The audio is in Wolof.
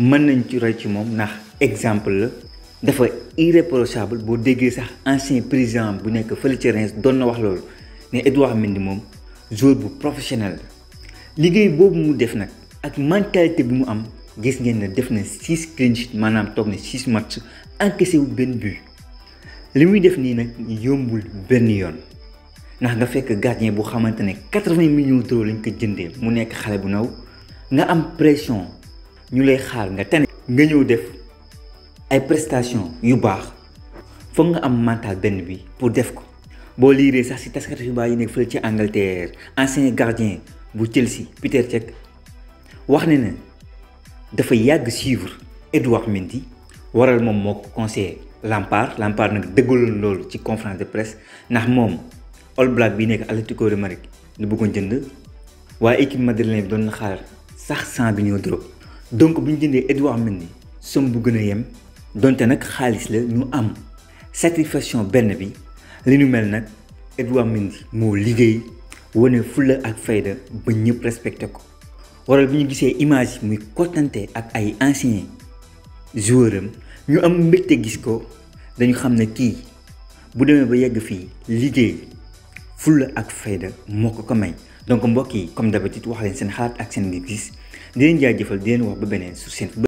mën nañ ci roy ci moom ndax exemple la dafa irréprochable boo déggee sax ancien président bu nekk fële ci Reims doon na wax loolu ne Edouard Mendy moom joueur bu professionnel la liggéey boobu mu def nag ak mentalité bi mu am gis ngeen ne def na 6 clean sheet maanaam toog na 6 match encaissé wu benn but li muy def nii nag yombul benn yoon ndax nga fekk gardien bu xamante ne quatre millions d'euros lañ ko jëndee mu nekk xale bu naw nga am pression ñu lay xaar nga tane nga def ay yu nga mental bi pour def ko boo liiree sax si taskati yi gardien bu Chelsea Peter Cech wax ne na dafa yàgg Edouard Mendy waral moom Lampard Lampard ci conférence de presse ndax moom All Black bi de Madrid bëggoon jënd waaye équipe madrilène bi millions d'euros donc bu ñu Edouard Mendy somme bu gën a yem donte nag xaalis la ñu am satisfaction benn bi li ñu mel nak Edouard Mendy mo liggéey woné fulla ak fayda ba ñëpp respecté ko waral buñu ñu image muy kontante ak ay anciens joueurs ñu am mbégte gis ko dañu xamné ki bu démé ba yegg fi liggéey fulla ak fayda moko ko ko may donc mbokk yi comme d'habitude wax leen seen xalaat ak seen gis-gis di leen jaajëfal di wax ba beneen su seen